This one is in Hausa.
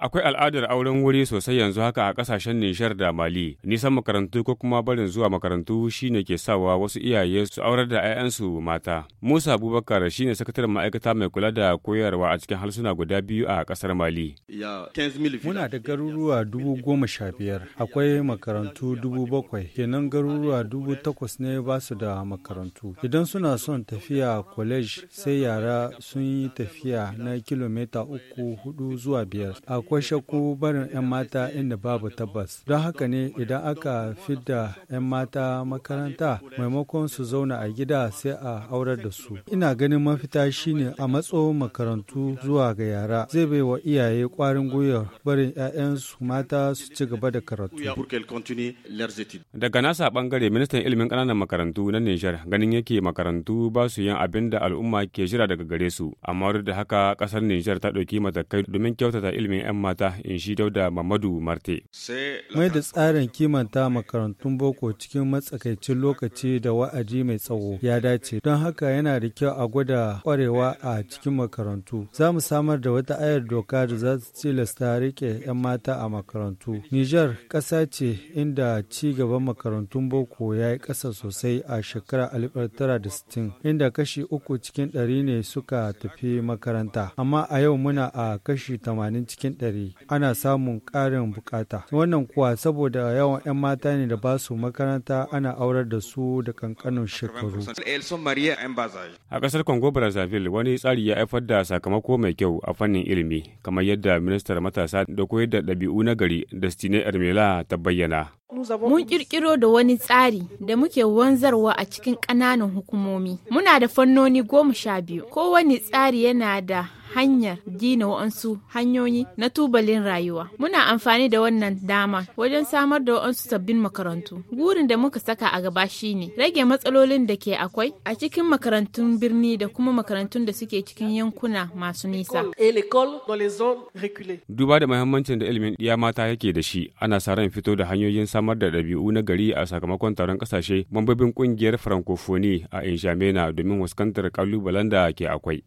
Akwai al'adar auren wuri sosai yanzu haka a kasashen Nishar da Mali. Nisan makarantu ko kuma barin zuwa makarantu shine ke sawa wasu iyaye su aurar da 'ya'yansu mata. Musa Abubakar shine sakataren ma'aikata mai kula da koyarwa a cikin harsuna guda biyu a kasar Mali. Muna da garuruwa dubu goma sha biyar. Akwai makarantu dubu bakwai. Kenan garuruwa dubu takwas ne ba su da makarantu. Idan suna son tafiya kwalej sai yara sun yi tafiya na kilomita uku hudu zuwa biyar. akwai shakku barin 'yan mata inda babu tabbas. Don haka ne idan aka fidda 'yan mata makaranta maimakon su zauna a gida sai a aurar da su. Ina ganin mafita shine a matso makarantu zuwa ga yara zai bai wa iyaye kwarin gwiwa barin 'ya'yan su mata su ci gaba da karatu. Daga nasa bangare ministan ilimin ƙananan makarantu na Nijar ganin yake makarantu ba su yin abin da al'umma ke jira daga gare su amma duk da haka ƙasar Nijar ta ɗauki matakai domin kyautata ilimin 'yan mata in shi dauda mamadu marte mai da tsarin kimanta makarantun boko cikin matsakaicin lokaci da wa'adi mai tsawo ya dace don haka yana da kyau a gwada kwarewa a cikin makarantu za mu samar da wata ayar doka da za ta tilasta rike 'yan mata a makarantu niger ƙasa ce inda ci gaban makarantun boko ya yi ƙasa sosai a shekarar 1960 inda kashi uku cikin ɗari ne suka tafi makaranta amma a yau muna a kashi 80 cikin hadari ana samun ƙarin bukata wannan kuwa saboda yawan 'yan mata ne da ba su makaranta ana aurar da su da kankanin shekaru a ƙasar congo brazzaville wani tsari ya haifar da sakamako mai kyau a fannin ilimi kamar yadda ministar matasa da koyar da ɗabi'u na gari da stine ermela ta bayyana Mun kirkiro da wani tsari da muke wanzarwa a cikin ƙananan hukumomi. Muna da fannoni goma sha biyu. Kowane tsari yana da hanyar gina wa'ansu hanyoyi na tubalin rayuwa. Muna amfani da wannan dama wajen samar da wa'ansu sabbin makarantu. Gurin da muka saka a gaba shi ne rage matsalolin da ke akwai a cikin makarantun birni da kuma makarantun da suke cikin yankuna masu nisa. Duba da muhimmancin da ilimin ɗiya mata yake da shi, ana sa ran fito da hanyoyin samar da ɗabi'u na gari a sakamakon taron ƙasashe mambobin ƙungiyar Francophonie a Injamena domin fuskantar ƙalubalen da ke akwai.